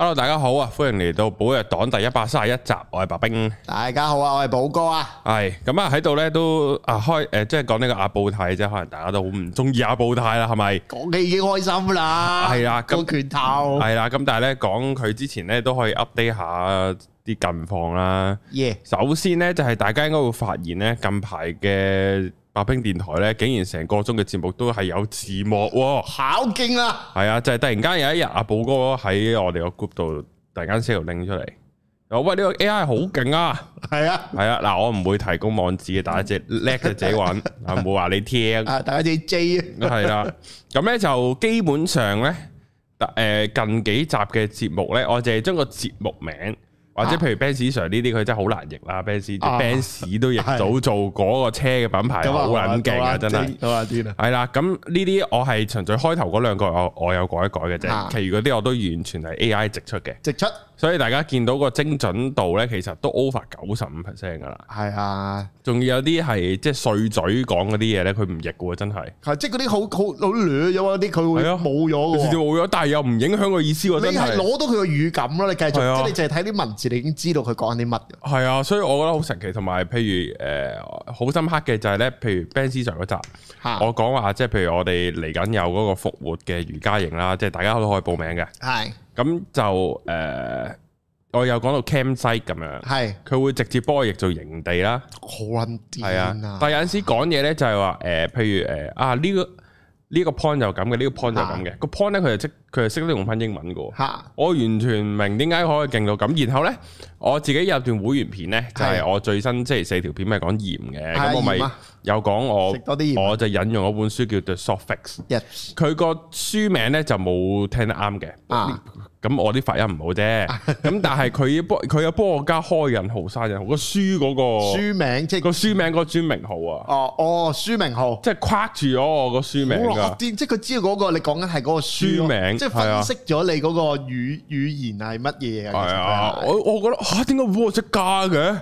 Hello，大家好啊，歡迎嚟到《寶藥黨》第一百三十一集，我係白兵。大家好、嗯嗯、啊，我係寶哥啊。係咁啊，喺度咧都啊開誒，即係講呢個阿布泰啫，可能大家都好唔中意阿布泰啦，係咪？講你已經開心啦，係啦、嗯，個、啊、拳頭係啦，咁、嗯嗯啊嗯、但係咧講佢之前咧都可以 update 下啲近況啦。Yeah. 首先咧就係、是、大家應該會發現咧，近排嘅。阿、啊、冰電台咧，竟然成個鐘嘅節目都係有字幕、啊，考勁啦！係啊，就係、是、突然間有一日，阿寶哥喺我哋個 group 度突然間 send 拎出嚟，喂呢、這個 AI 好勁啊！係啊，係啊，嗱我唔會提供網址嘅，大家只叻嘅自己揾， 啊唔會話你聽啊，大家只 J 啊，係啦，咁咧就基本上咧，誒近幾集嘅節目咧，我淨係將個節目名。或者譬如 Ben Sir 呢啲，佢真係好難譯啦。Ben Sir，Ben Sir 都譯，早做嗰個車嘅品牌好撚勁啊！真係，係啦。咁呢啲我係純粹開頭嗰兩個，我我有改一改嘅啫。其餘嗰啲我都完全係 AI 直出嘅。直出。所以大家見到個精準度咧，其實都 over 九十五 percent 噶啦。係啊，仲有啲係即係碎嘴講嗰啲嘢咧，佢唔譯㗎喎，真係。即係嗰啲好好好亂有啊啲，佢會冇咗。少少冇咗，但係又唔影響個意思喎。你係攞到佢個語感囉，你繼續，即係你淨係睇啲文字。你已經知道佢講緊啲乜？係啊，所以我覺得好神奇，同埋譬如誒好、呃、深刻嘅就係呢的，譬如 Ben 司長嗰集，我講話即係譬如我哋嚟緊有嗰個復活嘅瑜伽營啦，即係大家都可以報名嘅。係咁的就誒、呃，我有講到 Camsite 咁樣，係佢的會直接幫我哋做營地啦。好撚癲係啊！但係有陣時講嘢呢，就係話誒，譬如誒、呃、啊呢、這個。呢個 point 就咁嘅，呢個 point 就咁嘅。個 point 咧，佢就識，佢就識得用翻英文嘅。嚇、啊！我完全唔明點解可以勁到咁。然後咧，我自己有段會員片咧，就係我最新、哎、呀即係四條片，係講鹽嘅。咁、哎、呀我咪有講我，多啊、我就引用一本書叫做《The Salt Fix》。佢、啊、個書名咧就冇聽得啱嘅。啊！咁我啲發音唔好啫，咁 但係佢要幫佢又幫我加開人號生人號，那個書嗰、那個書名即係個書名個專名號啊！哦哦，書名號即係框住咗我個書名，即係佢知道嗰個你講緊係嗰個書名，啊啊、即係、那個、名分析咗你嗰個語、啊、語言係乜嘢。係啊，我我覺得吓點解識加嘅，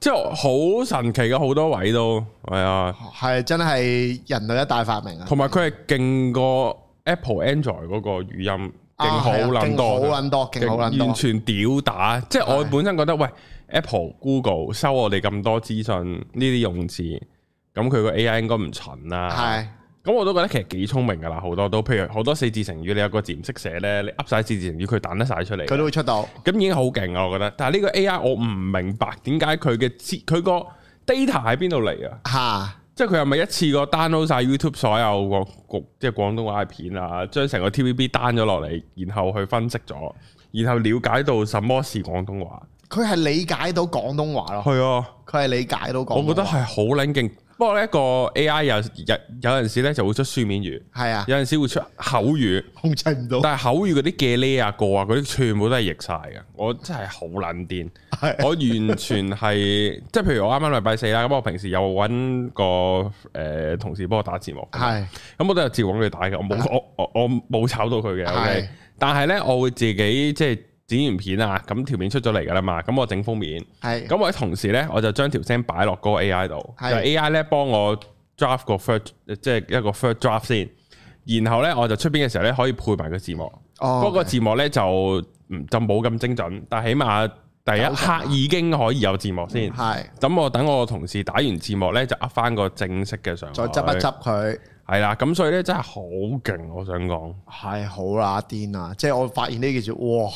即係好神奇嘅，好多位都係啊，係真係人類一大發明啊！同埋佢係勁過 Apple、Android 嗰個語音。勁好撚多，好多，勁完全屌打。即係我本身覺得，喂，Apple、Google 收我哋咁多資訊呢啲用字，咁佢個 AI 應該唔蠢啦、啊。係，咁我都覺得其實幾聰明噶啦，好多都，譬如好多四字成語，你有個字唔識寫呢，你噏晒四字成語，佢彈得晒出嚟。佢都會出到，咁已經好勁啊！我覺得。但係呢個 AI 我唔明白點解佢嘅佢個 data 喺邊度嚟啊？吓。即係佢係咪一次過 download 晒 YouTube 所有個局，即係廣東話嘅片啊，將成個 TVB down 咗落嚟，然後去分析咗，然後了解到什麼是廣東話。佢係理解到廣東話咯，係啊，佢係理解到廣東話。我覺得係好撚勁，不過咧，個 AI 有有有陣時咧就會出書面語，係啊，有陣時會出口語控制唔到。但係口語嗰啲嘅呢啊個啊嗰啲全部都係譯晒嘅，我真係好撚癲，係、啊、我完全係即係譬如我啱啱禮拜四啦，咁我平時又揾個誒同事幫我打字幕，係咁、啊、我都有字幕畀佢打嘅，我冇、啊、我我我冇炒到佢嘅，係，但係咧我會自己即係。剪完片啊，咁條片出咗嚟噶啦嘛，咁我整封面，係，咁我喺同時呢，我就將條聲擺落嗰個 AI 度，就 AI 呢，幫我 draft 個 first 即係一個 first draft 先，然後呢，我就出邊嘅時候呢，可以配埋個字幕，哦，不過個字幕呢，就就冇咁精準，但起碼第一刻已經可以有字幕先，係，咁我等我同事打完字幕呢，就呃翻個正式嘅上，再執一執佢，係啦，咁所以呢，真係好勁，我想講，係好啦癲啊，即係我發現呢件事，哇！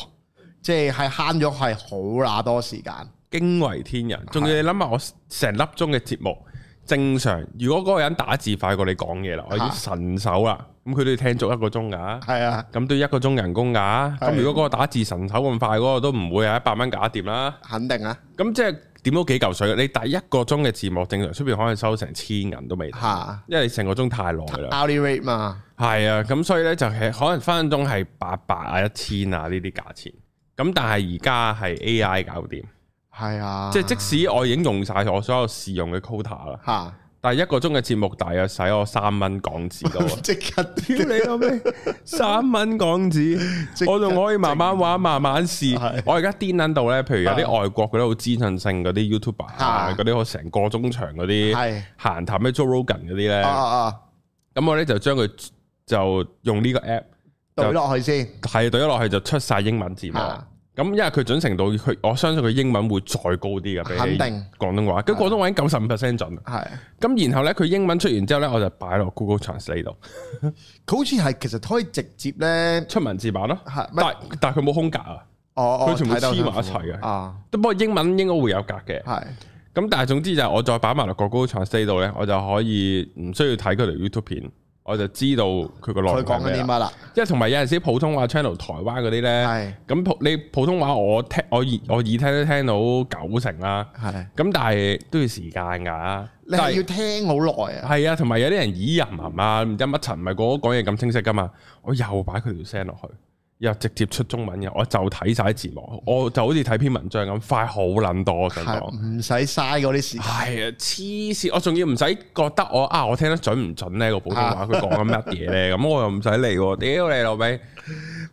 即係係慳咗係好乸多時間，驚為天人。仲要你諗下，我成粒鐘嘅節目正常，如果嗰個人打字快過你講嘢啦，我已經神手啦。咁佢、啊、都要聽足一個鐘㗎，係啊。咁都要一個鐘人工㗎。咁、啊、如果嗰個打字神手咁快，嗰、嗰個都唔會係一百蚊搞掂啦，肯定啊。咁即係點都幾嚿水。你第一個鐘嘅字幕正常出邊可能收成千銀都未，嚇、啊，因為成個鐘太耐啦。Hourly rate、嘛，係啊。咁所以呢，就係可能分分鐘係八百啊、一千啊呢啲價錢。咁但係而家係 A.I. 搞掂，係啊，即係即使我已經用晒我所有試用嘅 quota 啦，吓，但係一個鐘嘅節目，大約使我三蚊港紙咯，即刻屌你老味！三蚊港紙，我仲可以慢慢玩，慢慢試。我而家癲緊度咧，譬如有啲外國嗰啲好資訊性嗰啲 YouTuber，嗰啲我成個鐘長嗰啲，係閒談咩 Joe Rogan 嗰啲咧，啊咁我咧就將佢就用呢個 app。懟落去先，係懟咗落去就出晒英文字幕。咁因為佢準程度，佢我相信佢英文會再高啲嘅。肯定廣東話，咁廣東話已經九十五 percent 準。係，咁然後咧，佢英文出完之後咧，我就擺落 Google Translate 度。佢好似係其實可以直接咧出文字版咯。係，但但佢冇空格啊。哦，佢全部黐埋一齊嘅。啊、哦，不過英文應該會有格嘅。係，咁但係總之就係我再擺埋落個 Google Translate 度咧，我就可以唔需要睇佢條 YouTube 片。我就知道佢個內容係咩啦，即係同埋有陣時普通話 channel 台灣嗰啲咧，咁普的你普通話我聽我耳我耳聽都聽到九成啦，咁的但係都要時間㗎，你係要聽好耐啊，係啊，同埋有啲人耳淫啊，唔知乜陳唔係講講嘢咁清晰㗎嘛，我又擺佢條聲落去。又直接出中文嘅，我就睇晒字幕，我就好似睇篇文章咁快，好撚多。我想講唔使嘥嗰啲時間，係啊，黐線！我仲要唔使覺得我啊，我聽得準唔準呢、個普通話佢講緊乜嘢咧？咁我又唔使嚟喎。屌你老味，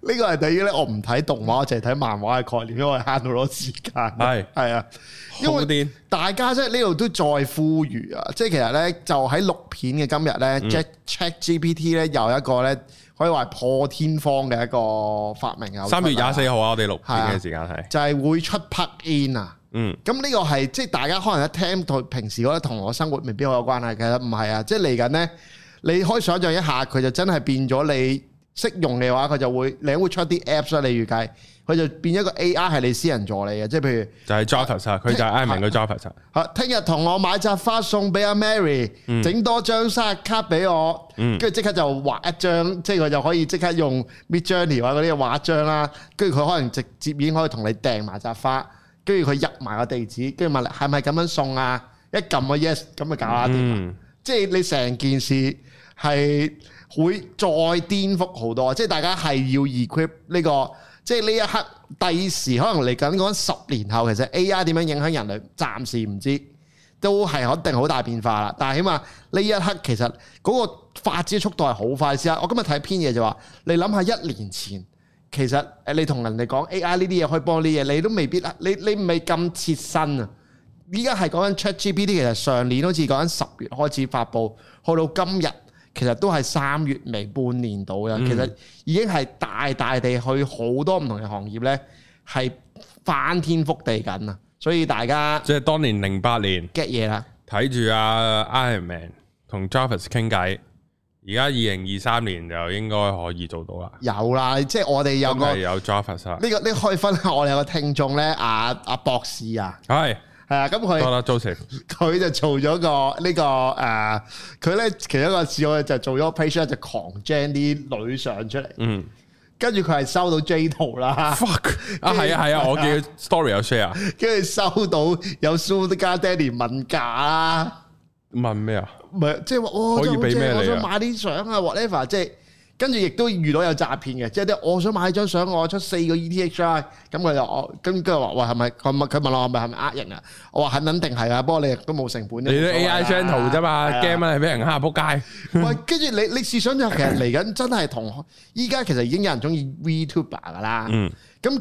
呢個係第二咧。我唔睇動畫，我淨係睇漫畫嘅概念，因為慳好多時間。係係啊，的因為大家即係呢度都再呼籲啊，即係其實咧就喺錄片嘅今日咧 Chat Chat GPT 咧又一個咧。可以話破天荒嘅一個發明啊！三月廿四號啊，我哋錄嘅時間係就係、是、會出 Plug In 啊，嗯，咁呢個係即係大家可能一聽到，平時覺得同我生活未必好有關係嘅，其實唔係啊，即係嚟緊呢，你可以想象一下，佢就真係變咗你識用嘅話，佢就會，你會出啲 Apps、啊、你預計。佢就變咗個 A.I 係你私人助理嘅，即係譬如就係 driver 啊，佢就係 I.Ming 嘅 driver 啊。嚇，聽日同我買扎花送俾阿 Mary，整、嗯、多張生日卡俾我，跟住即刻就畫一張，即係佢就可以即刻用 Midjourney 啊嗰啲畫張啦。跟住佢可能直接已經可以同你訂埋扎花，跟住佢入埋個地址，跟住問你係咪咁樣送啊？一撳個 Yes，咁咪搞下掂。嗯嗯、即係你成件事係會再顛覆好多，即係大家係要 equip 呢、這個。即係呢一刻，第時可能嚟緊講十年後，其實 AI 點樣影響人類，暫時唔知，都係肯定好大變化啦。但係起碼呢一刻，其實嗰個發展速度係好快先啦。我今日睇篇嘢就話，你諗下一年前，其實誒你同人哋講 AI 呢啲嘢，可以幫啲嘢，你都未必啦。你你唔係咁切身啊。依家係講緊 ChatGPT，其實上年好似講緊十月開始發布，去到今日。其實都係三月尾半年到啦，嗯、其實已經係大大地去好多唔同嘅行業咧，係翻天覆地緊啊！所以大家即係當年零八年 get 嘢啦，睇住阿 Iron Man 同 Java s 傾偈，而家二零二三年就應該可以做到啦。有啦，即、就、係、是、我哋有個有 Java s 斯呢、這個，你可以分下我哋個聽眾咧，阿、啊、阿、啊、博士啊，係。 係啊，咁佢，啦，做成佢就做咗個呢個，誒，佢咧其中一個事，我哋就做咗 patient 就狂 gen 啲女相出嚟，嗯，跟住佢係收到 J 圖啦 fuck 啊，係啊係啊，我記得 story 有 share，啊。跟住收到有 sugar daddy 問價，問咩啊？唔係即係話，可以俾咩你？我想買啲相啊，whatever，即係。跟住亦都遇到有詐騙嘅，即係啲我想買張相，我出四個 ETH I，咁佢就是是我，咁佢又話喂係咪佢問佢問我係咪係咪呃人啊？我話肯肯定係啊，不過你都冇成本。你啲、啊、AI 張圖啫嘛，game 係俾人蝦仆街。唔跟住你你試想就其實嚟緊真係同依家其實已經有人中意 Vtuber 噶啦。咁、嗯、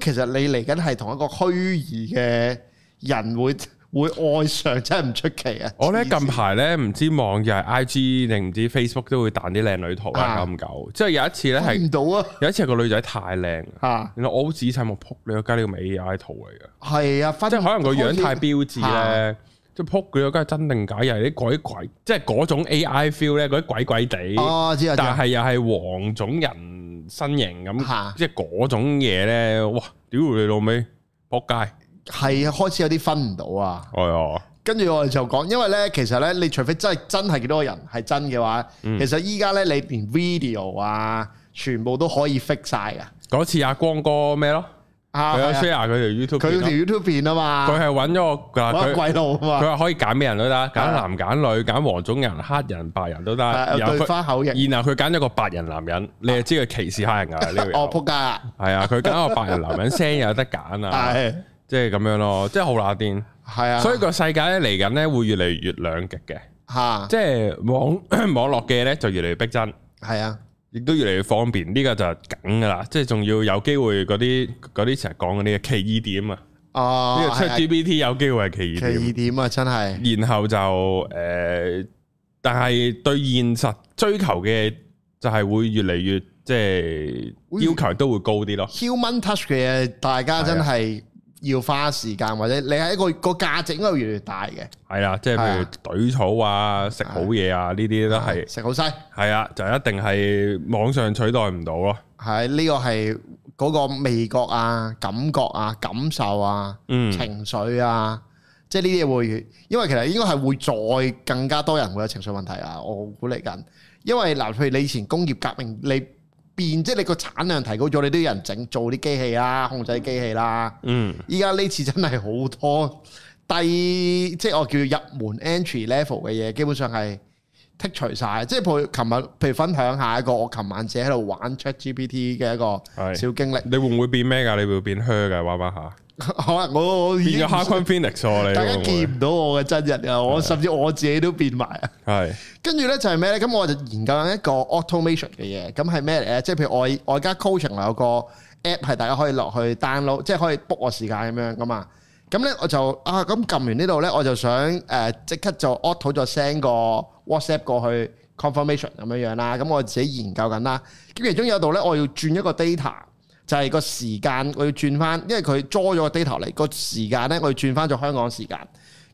其實你嚟緊係同一個虛擬嘅人會。會愛上真係唔出奇啊！我咧近排咧唔知網又係 IG 定唔知 Facebook 都會彈啲靚女圖啊咁久，即係有一次咧係，唔到啊！有一次係個女仔太靚啊，原來我好仔細望，撲你個街呢個咪 AI 圖嚟嘅，係啊，即係可能個樣太標誌咧，即係撲佢個街真定假？又係啲鬼鬼，即係嗰種 AI feel 咧，嗰啲鬼鬼地，哦，知啊，但係又係黃種人身形咁，即係嗰種嘢咧，哇！屌你老味，撲街！係開始有啲分唔到啊！哦，跟住我哋就講，因為咧，其實咧，你除非真係真係幾多個人係真嘅話，其實依家咧，你連 video 啊，全部都可以 fix 晒噶。嗰次阿光哥咩咯？佢有 share 佢條 YouTube，佢條 YouTube 片啊嘛，佢係揾咗個，鬼佬啊嘛。佢話可以揀咩人都得，揀男揀女，揀黃種人、黑人、白人都得。然後翻口型。然後佢揀咗個白人男人，你又知佢歧視黑人啊？呢個哦仆街，係啊，佢揀個白人男人聲有得揀啊！即係咁樣咯，即係好乸癲，係啊！所以個世界咧，嚟緊咧會越嚟越兩極嘅，吓、啊，即係網網絡嘅咧就越嚟越逼真，係啊，亦都越嚟越方便。呢、這個就係梗噶啦，即係仲要有機會嗰啲嗰啲成日講嗰啲奇異點啊，哦，呢個 ChatGPT 有機會係奇異點，奇異點啊，真係。然後就誒、呃，但係對現實追求嘅就係會越嚟越即係、就是、要求都會高啲咯。Human touch 嘅大家真係、啊。真要花時間，或者你係一個個價值應該會越嚟越大嘅。係啊，即係譬如隊草啊、食好嘢啊，呢啲都係食好西，係啊，就一定係網上取代唔到咯。係呢、呢個係嗰個味覺啊、感覺啊、感受啊、嗯、情緒啊，即係呢啲會，因為其實應該係會再更加多人會有情緒問題啊。我估嚟緊，因為嗱，譬如你以前工業革命，你變，即係你個產量提高咗，你都要人整做啲機器啦，控制機器啦。嗯，依家呢次真係好多低，即係我叫入門 entry level 嘅嘢，基本上係剔除晒。即係譬如琴日，譬如分享一下一個，我琴晚自己喺度玩 Chat GPT 嘅一個小經歷。你會唔會變咩噶你會變靴噶玩唔玩下。好啊！ 我我已經變咗 Harmon Phoenix 啦，大家見唔到我嘅真人啊！是的 我甚至我自己都變埋啊是的！ 係跟住咧就係咩咧？咁我就研究緊一個 automation 嘅嘢，咁係咩嚟咧？即係譬如我我而家 coaching 有個 app，係大家可以落去 download，即係可以 book 我時間咁樣噶嘛。咁咧我就啊咁撳完呢度咧，我就想誒即刻就 auto 再 send 個 WhatsApp 過去 confirmation 咁樣樣啦。咁我自己研究緊啦。咁其中有度咧，我要轉一個 data。就係個時，時，時間，我要轉翻，因為佢咗咗個 data 嚟，j、t，個時間咧我要轉翻做香港時間。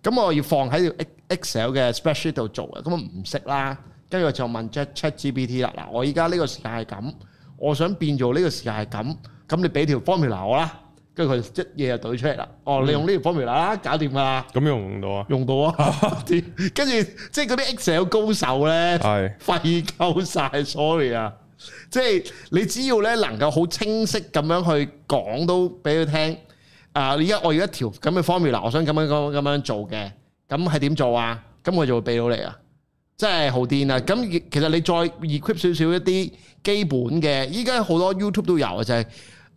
咁我要放喺 Excel 嘅 special 度做嘅，咁我唔識啦。跟住我就問 j ChatGPT 啦。嗱，我依家呢個時間係咁，我想變做呢個時間係咁。咁你俾條 formula 我啦，跟住佢一嘢就攤出嚟啦。哦，你用呢條 formula 啦，搞掂啦。咁用唔到啊？用到啊？跟住即係嗰啲 Excel 高手咧，係費鳩晒 sorry 啊！即係你只要咧能夠好清晰咁樣去講都俾佢聽，啊、呃！而家我要一條咁嘅 formula，我想咁樣咁樣咁樣做嘅，咁係點做啊？咁我就會俾到你啊！真係好癲啊！咁其實你再 equip 少少一啲基本嘅，依家好多 YouTube 都有啊，就係、是。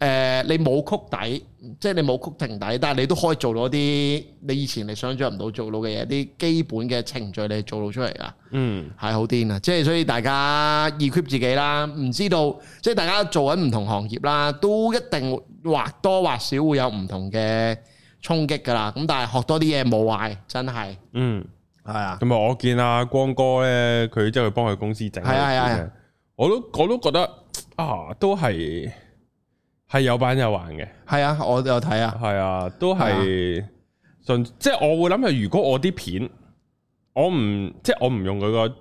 誒，你冇曲底，即係你冇曲停底，但係你都可以做到啲你以前你想象唔到做到嘅嘢，啲基本嘅程序你做到出嚟㗎！嗯，係好癲啊！即係所以大家 equip 自己啦，唔知道即係大家做緊唔同行業啦，都一定或多或少會有唔同嘅衝擊噶啦。咁但係學多啲嘢冇壞，真係嗯係啊。咁啊，我見阿光哥咧，佢即係幫佢公司整，係啊係啊，我都我都覺得啊，都係。係有版有還嘅，係啊，我都有睇啊，係啊，都係順，即係我會諗係如果我啲片，我唔即係我唔用佢個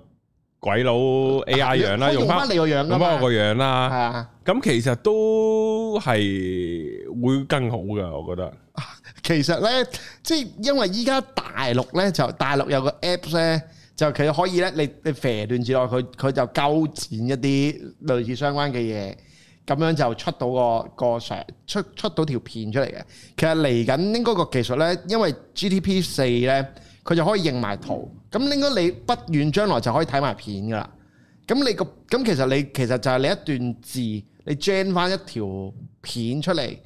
鬼佬 AI 樣啦，用翻你個樣啊，用翻我個樣啦，係啊，咁其實都係會更好噶，我覺得。啊、其實咧，即係因為依家大陸咧，就大陸有個 apps 咧，就其實可以咧，你你肥段字落佢，佢就勾展一啲類似相關嘅嘢。咁樣就出到個個成出出到條片出嚟嘅，其實嚟緊應該個技術呢，因為 GPT 四呢，佢就可以認埋圖，咁應該你不遠將來就可以睇埋片噶啦。咁你個咁其實你其實就係你一段字，你 gen 翻一條片出嚟，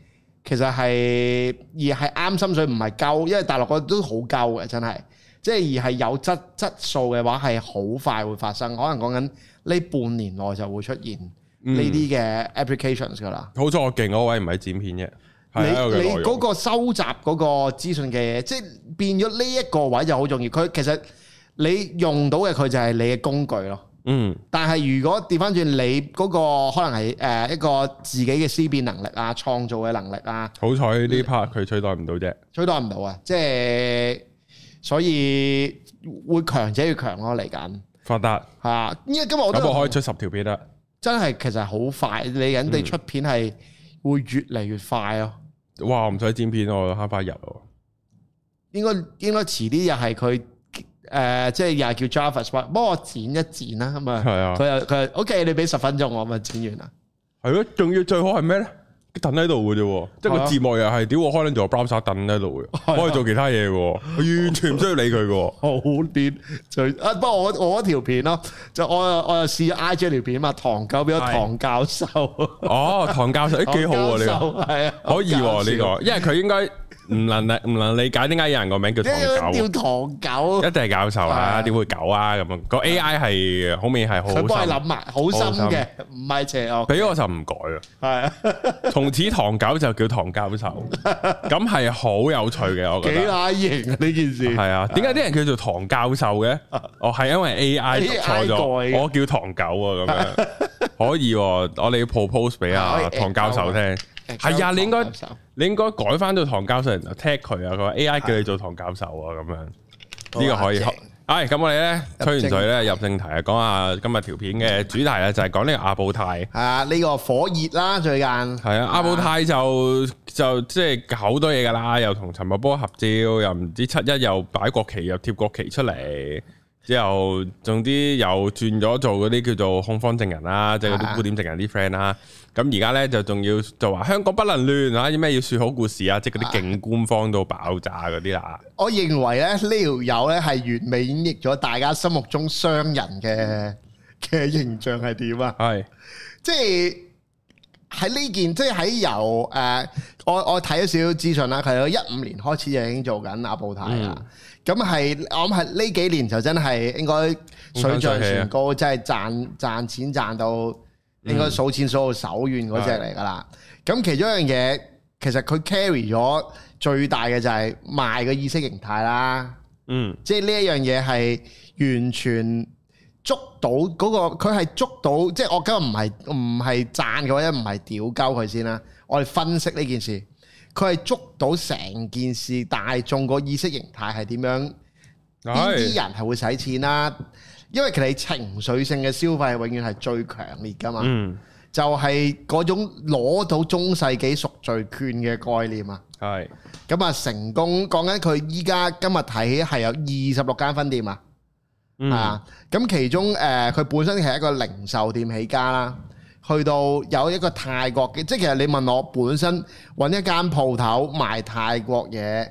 其實係而係啱心水，唔係夠，因為大陸個都好夠嘅，真係，即係而係有質質素嘅話，係好快會發生，可能講緊呢半年內就會出現。呢啲嘅 applications 噶啦，嗯、好彩我勁嗰位唔係剪片啫，你你嗰個收集嗰個資訊嘅，嘢，即係變咗呢一個位就好重要。佢其實你用到嘅佢就係你嘅工具咯。嗯，但係如果掉翻轉你嗰個可能係誒一個自己嘅思辨能力啊，創造嘅能力啊，好彩呢 part 佢取代唔到啫，取代唔到啊！即係所以會強者越強咯，啊，嚟緊發達達係因為今日我都我可以出十條片啦。真係其實好快，你人哋出片係會越嚟越快啊。哇，唔使剪片我慳翻一日喎。應該應該遲啲又係佢誒，即係又係叫 Jarvis，幫我剪一剪啦咁啊。佢又佢 OK，你俾十分鐘我咪剪完啦。係咯、啊，仲要最好係咩咧？等喺度嘅啫，啊、即係個節目又係屌我開緊台 broadcast 等喺度，嘅，可以做其他嘢，啊、我完全唔需要理佢嘅。好啲 我，就啊，不過我我嗰條片咯，就我又我又試 I J 條片嘛，唐教變咗唐教授。啊、教授 哦，唐教授，誒、欸，幾好喎呢個，係啊，可以呢、啊、個， 因為佢應該。唔能理唔能理解點解有人個名叫唐狗？叫唐狗，一定係教授啦，點會狗啊咁啊？個 AI 係好咩係好心？佢幫佢諗啊，好深嘅，唔係邪惡。俾我就唔改啊，係。從此唐狗就叫唐教授，咁係好有趣嘅，我覺得幾乸型呢件事。係啊，點解啲人叫做唐教授嘅？哦，係因為 AI 讀錯咗，我叫唐狗啊咁樣。可以，我哋要 propose 俾阿唐教授聽。係啊，你應該你應該改翻到唐教授，踢佢啊！佢話 AI 叫你做唐教授啊，咁的樣呢，這個可以。唉，咁，哎、我哋咧正吹完水咧的入正題啊，講下今日條片嘅主題啊，就係講呢個阿布泰啊，呢個火熱啦最近。係的啊，阿布泰就就即係搞好多嘢噶啦，又同陳茂波合照，又唔知七一又擺國旗又貼國旗出嚟。之後總之又轉咗做嗰啲叫做控方證人啦，即係嗰啲污點證人啲 friend 啦。咁而家呢，就仲要就話香港不能亂啊！啲咩要說好故事啊？即係嗰啲勁官方到爆炸嗰啲啦。我認為咧呢條友呢，係、這個、完美演繹咗大家心目中商人嘅嘅形象係點啊？係是即係喺呢件即係喺由誒、呃、我我睇咗少少資訊啦，佢喺一五年開始就已經做緊阿布泰啦。嗯。咁係，我諗係呢幾年就真係應該水漲船高，真係賺賺錢賺到應該數錢數到手軟嗰隻嚟噶啦。咁、嗯、其中一樣嘢，其實佢 carry 咗最大嘅就係賣嘅意識形態啦。嗯，即係呢一樣嘢係完全捉到嗰、嗰個，佢係捉到。即係我今日唔係唔係讚嗰一，唔係屌鳩佢先啦。我哋分析呢件事。佢係捉到成件事大眾個意識形態係點樣？邊啲人係會使錢啦？因為其實情緒性嘅消費永遠係最強烈噶嘛。嗯，就係嗰種攞到中世紀贖罪券嘅概念啊。係。咁啊，成功講緊佢依家今日睇起係有二十六間分店啊。啊，咁其中誒佢本身係一個零售店起家啦。去到有一個泰國嘅，即係其實你問我本身揾一間鋪頭賣泰國嘢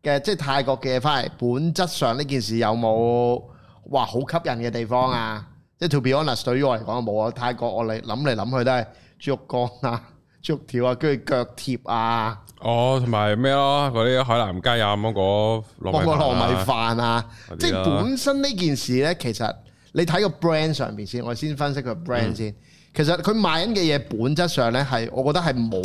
嘅，即係泰國嘅嘢翻嚟，本質上呢件事有冇哇好吸引嘅地方啊？嗯、即係 to be honest，對於我嚟講冇啊！泰國我嚟諗嚟諗去都係豬肉乾啊、豬肉條啊、跟住腳貼啊。哦，同埋咩咯？嗰啲海南雞啊、芒果、芒果糯米飯啊。飯啊，即係本身呢件事呢，其實你睇個 brand 上邊先，我先分析個 brand 先、嗯。其實佢賣緊嘅嘢本質上呢，係，我覺得係冇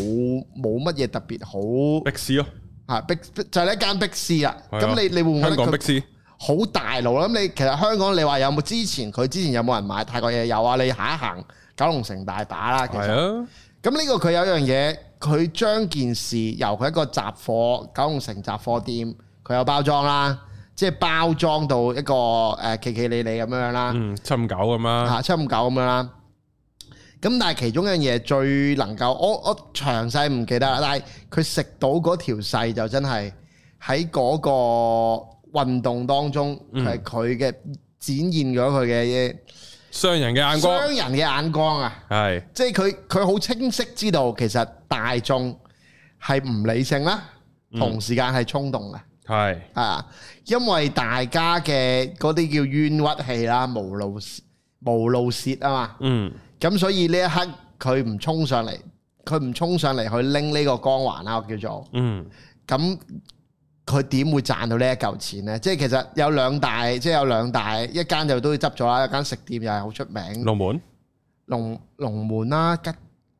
冇乜嘢特別好。逼市咯，就是、事啊壁就係一間逼市啦。咁你你會唔會香港壁市好大路啦？咁你其實香港你話有冇之前佢之前有冇人買泰國嘢有啊？你下一行九龍城大把啦。其實啊。咁呢個佢有一樣嘢，佢將件事由佢一個雜貨九龍城雜貨店，佢有包裝啦，即係包裝到一個誒企企理理咁樣啦。嗯，七五九咁樣。吓，七五九咁樣啦。咁但係其中一樣嘢最能夠，我我詳細唔記得啦。但係佢食到嗰條細就真係喺嗰個運動當中係佢嘅展現咗佢嘅嘢，商人嘅眼光，商人嘅眼光啊，係即係佢佢好清晰知道其實大眾係唔理性啦，同時間係衝動嘅，係啊，因為大家嘅嗰啲叫冤屈氣啦，無路無路泄啊嘛，嗯。咁所以呢一刻佢唔衝上嚟，佢唔衝上嚟去拎呢個光環啦，我叫做嗯。咁佢點會賺到呢一嚿錢呢？即係其實有兩大，即係有兩大一間就都要執咗啦，一間食店又係好出名。龍門龍龍門啦，吉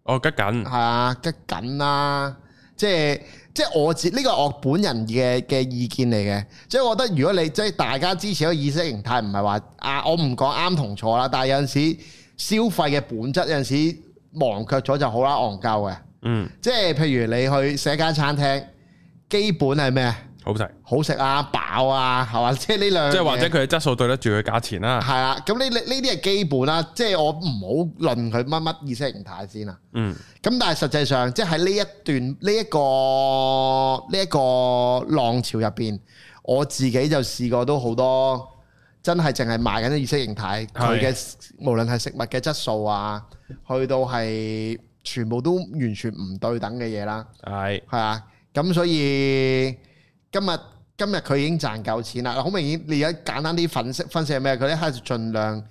哦吉緊係啊吉緊啦，即係即係我自呢個我本人嘅嘅意見嚟嘅。即係我覺得如果你即係大家支持個意識形態，唔係話啊我唔講啱同錯啦，但係有陣時。消費嘅本質有陣時忘卻咗就好啦，戇鳩嘅。嗯，即係譬如你去食間餐廳，基本係咩啊？好食吃，好食啊，飽啊，係嘛？即係呢兩，即係或者佢嘅質素對得住佢價錢啦、啊。係啦、啊，咁呢呢啲係基本啦、啊。即、就、係、是、我唔好論佢乜乜意識形態先啦。嗯，咁但係實際上，即係喺呢一段、呢、這、一個、呢、這、一個浪潮入邊，我自己就試過都好多。真係淨係賣緊啲意識形態，佢嘅無論係食物嘅質素啊，去到係全部都完全唔對等嘅嘢啦。係係啊，咁所以今日今日佢已經賺夠錢啦。嗱，好明顯，你而家簡單啲分析分析係咩？佢一開始盡量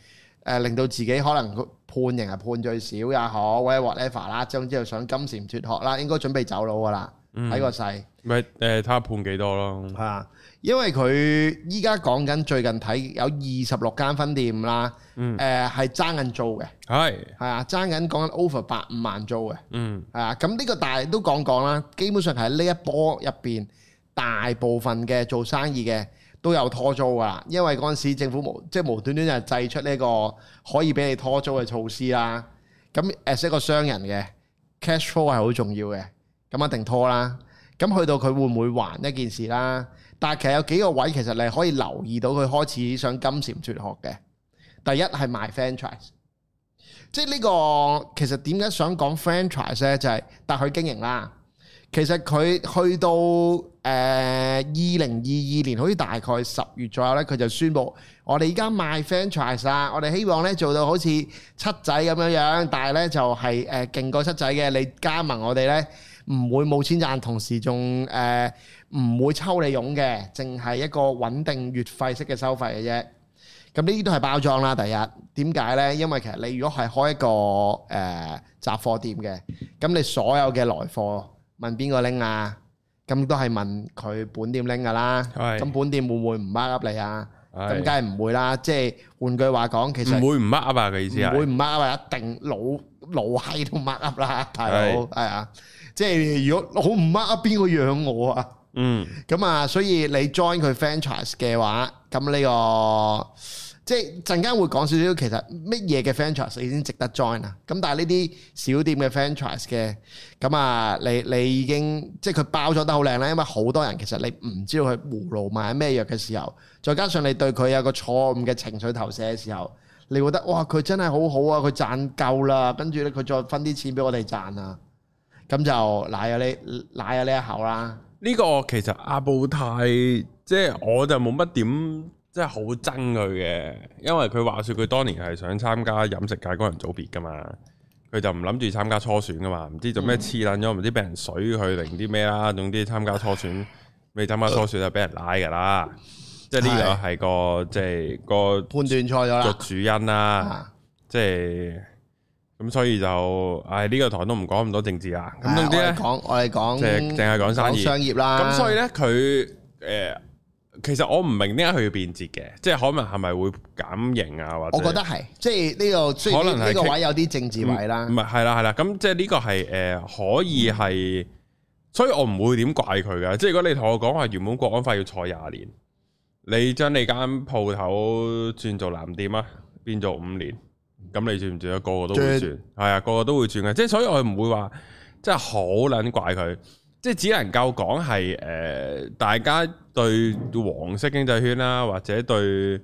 誒令到自己可能判刑係判最少也好，或者 whatever 啦，之後之後想金蟬脫殼啦，應該準備走佬㗎啦，睇個勢。咪誒，睇下判幾多咯？係啊，因為佢依家講緊最近睇有二十六間分店啦，嗯呃。嗯，誒係爭緊租嘅，係係啊，爭緊講緊 over 百五萬租嘅。嗯，係啊，咁呢個大係都講講啦。基本上係喺呢一波入邊，大部分嘅做生意嘅都有拖租噶啦。因為嗰陣時政府無即係、即係、無端端就製出呢個可以俾你拖租嘅措施啦。咁 as 一個商人嘅 cash flow 係好重要嘅，咁一定拖啦。咁去到佢會唔會還呢件事啦？但係其實有幾個位其實你可以留意到佢開始想金蟬脫殼嘅。第一係賣 franchise，即係呢個其實點解想講 franchise 呢？就係特許經營啦。其實佢去到誒二零二二年好似大概十月左右呢，佢就宣布我哋而家賣 franchise 啦。我哋希望呢做到好似七仔咁樣樣，但係呢就係誒勁過七仔嘅，你加盟我哋呢。唔會冇錢賺，同時仲誒唔會抽你傭嘅，淨係一個穩定月費式嘅收費嘅啫。咁呢啲都係包裝啦。第一點解呢？因為其實你如果係開一個誒、呃、雜貨店嘅，咁你所有嘅來貨問邊個拎啊？咁都係問佢本店拎噶啦。咁的本店會唔會唔 mark up 你啊？咁梗係唔會啦。即係換句話講，其實唔會唔 mark up 啊？個意思唔會唔 mark up 啊！一定老老閪都 mark up 啦，大佬係啊。即係如果好唔啱，邊個養我啊？嗯，咁啊，所以你 join 佢 franchise 嘅話，咁呢、這個即係陣間會講少少，其實乜嘢嘅 franchise 已經值得 join 啊？咁但係呢啲小店嘅 franchise 嘅，咁、嗯、啊，你你已經即係佢包咗得好靚啦，因為好多人其實你唔知道佢葫蘆賣咩藥嘅時候，再加上你對佢有個錯誤嘅情緒投射嘅時候，你會覺得哇佢真係好好啊，佢賺夠啦，跟住咧佢再分啲錢俾我哋賺啊！咁就舐下呢舐咗呢一口啦。呢個其實阿布泰，即、就、係、是、我就冇乜點即係好憎佢嘅，因為佢話説佢當年係想參加飲食界功能組別噶嘛，佢就唔諗住參加初選噶嘛，唔知做咩黐撚咗，唔、嗯、知俾人水佢定啲咩啦，總之參加初選未、嗯、參加初選就俾人拉㗎啦。即係呢個係、那個即係個判斷錯咗啦，個主因啦，即係。就是咁所以就，唉呢個台都唔講咁多政治啊，咁仲啲咧？我哋講，我哋講，淨係講生意、商業啦。咁所以咧，佢，誒，其實我唔明點解佢要變節嘅，即係可能係咪會減刑啊？或者我覺得係，即係呢個，可能呢個位有啲政治位啦。唔係，係啦，係啦。咁即係呢個係，誒，可以係，所以我唔會點怪佢噶。即係如果你同我講話原本國安法要坐廿年，你將你間鋪頭轉做藍店啊，變做五年。咁你轉唔轉啊？個個都會轉，係啊，個個都會轉嘅。即係所以我唔會話，即係好捻怪佢，即係只能夠講係誒，大家對黃色經濟圈啦，或者對呢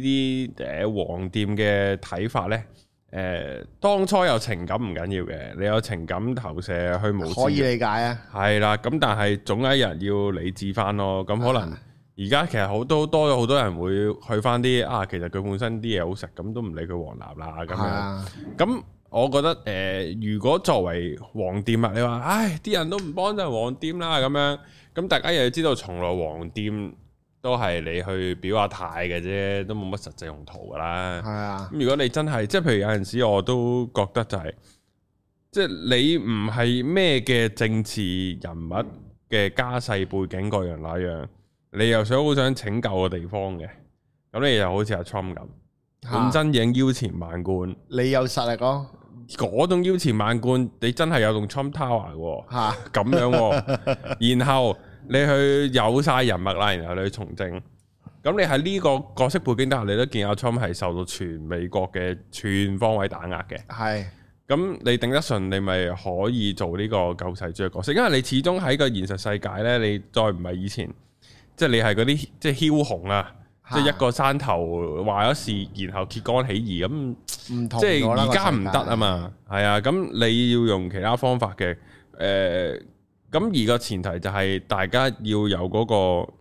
啲誒黃店嘅睇法咧，誒，當初有情感唔緊要嘅，你有情感投射去冇錯，可以理解啊。係啦，咁但係總有一日要理智翻咯，咁可能。而家其實好多多咗，好多人會去翻啲啊。其實佢本身啲嘢好食，咁都唔理佢黃立啦咁、啊、樣。咁我覺得誒、呃，如果作為黃店啊，你話唉啲人都唔幫就黃、係、店啦咁樣。咁大家又要知道，從來黃店都係你去表下態嘅啫，都冇乜實際用途噶啦。係啊。咁如果你真係即係，譬如有陣時我都覺得就係、係、即係你唔係咩嘅政治人物嘅家世背景嗰樣那樣。你又想好想拯救個地方嘅，咁你又好似阿 Trump 咁，哈本身已經腰纏萬貫，你有實力咯。嗰種腰纏萬貫，你真係有棟 Trump Tower 咁樣、哦。 然後你去有晒人脈啦，然後你去從政，咁你喺呢個角色背景底下，你都見阿 Trump 係受到全美國嘅全方位打壓嘅。係咁是，你頂得順，你咪可以做呢個救世主嘅角色，因為你始終喺個現實世界咧，你再唔係以前。即係你係嗰啲即係梟雄啊！哈即係一個山頭壞咗事，然後揭竿起義咁，唔同即係而家唔得啊嘛！係啊，咁你要用其他方法嘅，誒、呃，咁而個前提就係大家要有嗰、嗰個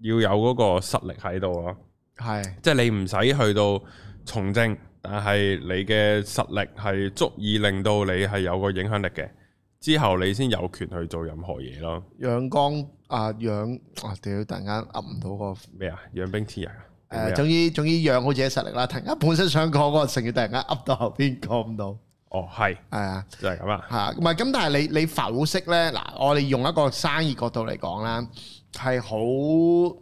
要有嗰個實力喺度咯。係是，即係你唔使去到從政，但係你嘅實力係足以令到你係有個影響力嘅。之後你先有權去做任何嘢咯。楊光啊，楊哇、啊、屌！突然間 up 唔到個咩啊？楊兵天人啊！誒，總之總之養好自己實力啦。突然間本身想講、嗰個，成日突然間 up 到後邊講唔到。哦，係係啊，就係咁啊。吓，唔係咁，但係你你浮息咧嗱，我哋用一個生意角度嚟講啦，係好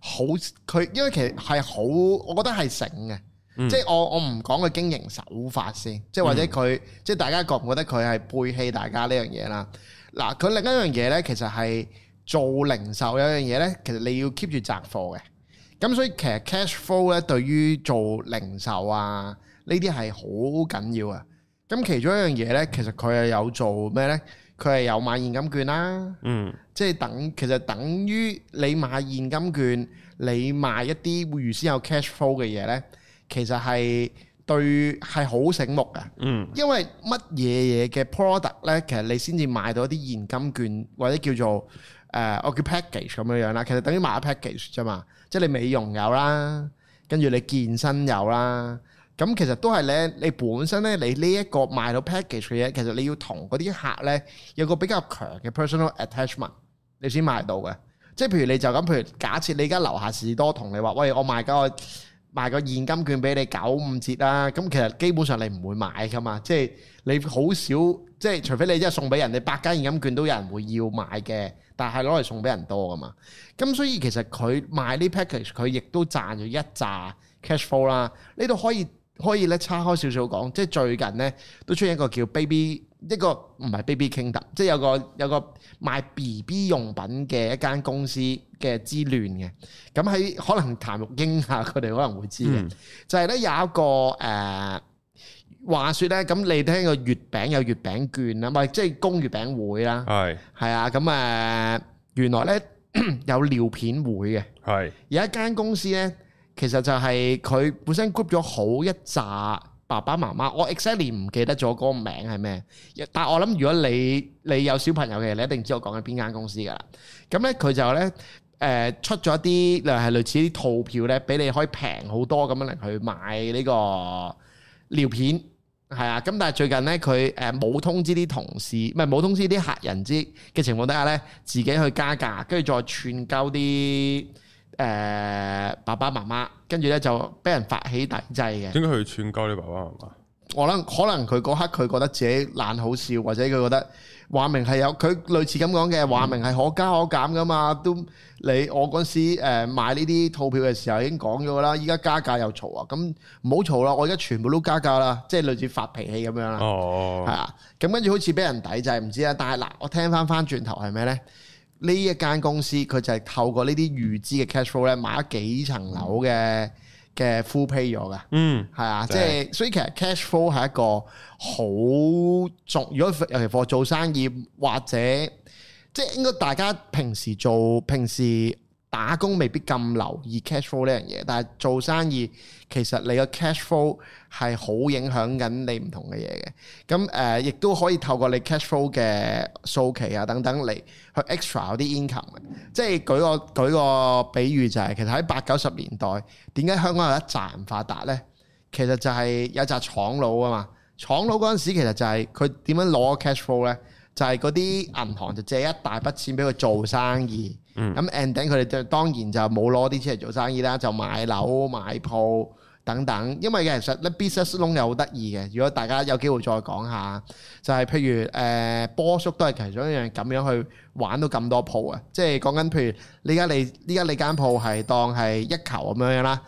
好佢，因為其實係好，我覺得係醒嘅。嗯、即係我我唔講佢經營手法先，即係或者佢、嗯、即係大家覺唔覺得佢係背棄大家呢樣嘢啦？嗱，佢另一樣嘢咧，其實係做零售有一樣嘢咧，其實你要 keep 住雜貨嘅，咁所以其實 cash flow 咧對於做零售啊呢啲係好緊要啊。咁其中一樣嘢咧，其實佢係有做咩咧？佢係有買現金券啦、啊，嗯即，即係等其實等於你買現金券，你買一啲會預先有 cash flow 嘅嘢咧。其實係對係好醒目嘅，嗯、因為乜嘢嘢嘅 product 咧，其實你先至賣到啲現金券或者叫做誒、呃、我叫 package 咁樣樣啦。其實等於賣 package 啫嘛，即係你美容有啦，跟住你健身有啦，咁其實都係咧，你本身咧你呢一個賣到 package 嘅嘢，其實你要同嗰啲客咧有個比較強嘅 personal attachment，你先賣到嘅。即係譬如你就咁，譬如假設你而家樓下士多同你話：喂，我賣緊賣個現金券俾你九五折啦，咁其實基本上你唔會買噶嘛，即係你好少，即係除非你即係送俾人你百家現金券，都有人會要買嘅，但係攞嚟送俾人多噶嘛。咁所以其實佢賣呢 package，佢亦都賺咗一紮 cash flow 啦。呢度可以可以咧差開少少講，即係最近呢都出現一個叫 Baby。一個唔係 Baby Kingdom 即係有個有個賣 BB 用品嘅一間公司嘅之亂嘅，咁喺可能譚玉英啊，佢哋可能會知嘅，嗯、就係咧有一個誒、呃、話説咧，咁你聽個月餅有月餅券啦，唔係即係供月餅會啦，係係是啊，咁誒、呃、原來咧 有尿片會嘅，係有是一間公司咧，其實就係佢本身 group 咗好一紮。爸爸媽媽，我 exactly 唔記得咗個名係咩，但係我諗如果你你有小朋友嘅，你一定知我講緊邊間公司噶啦。咁咧佢就咧誒出咗一啲，又係類似啲套票咧，俾你可以平好多咁樣嚟去買呢個尿片係啊。咁但係最近咧佢誒冇通知啲同事，唔係冇通知啲客人知嘅情況底下咧，自己去加價，跟住再串鳩啲。誒、嗯、爸爸媽媽，跟住咧就俾人發起抵制嘅。點解佢串鳩你爸爸媽媽？我諗可能佢嗰刻佢覺得自己懶好笑，或者佢覺得話明係有佢類似咁講嘅話明係可加可減噶嘛。都你我嗰時誒買呢啲套票嘅時候已經講咗啦。依家加價又嘈啊，咁唔好嘈啦。我而家全部都加價啦，即係類似發脾氣咁樣啦。哦，哦，係、哦哦、啊。咁跟住好似俾人抵制唔知啦。但係嗱，我聽翻翻轉頭係咩咧？呢一間公司佢就係透過呢啲預知嘅 cash flow 咧，買咗幾層樓嘅嘅 full pay 咗嘅，嗯，係啊的，即係所以其實 cash flow 係一個好重要，如果尤其做做生意或者即係應該大家平時做平時。打工未必咁留意 cash flow 呢樣嘢，但係做生意其實你個 cash flow 係好影響緊你唔同嘅嘢嘅。咁誒、呃，亦都可以透過你 cash flow 嘅數期啊等等嚟去 extra 有啲 income。即係舉個舉個比喻就係、是，其實喺八九十年代，點解香港有一陣發達呢？其實就係有扎廠佬啊嘛。廠佬嗰陣時，其實就係佢點樣攞 cash flow 呢？就係嗰啲銀行就借一大筆錢俾佢做生意。咁 ending 佢哋就當然就冇攞啲錢嚟做生意啦，就買樓買鋪等等。因為其實呢，business loan 又好得意嘅。如果大家有機會再講下，就係譬如誒，波叔都係其中一樣咁樣去玩到咁多鋪啊。即係講緊譬如，依家你依家你間鋪係當係一球咁樣啦。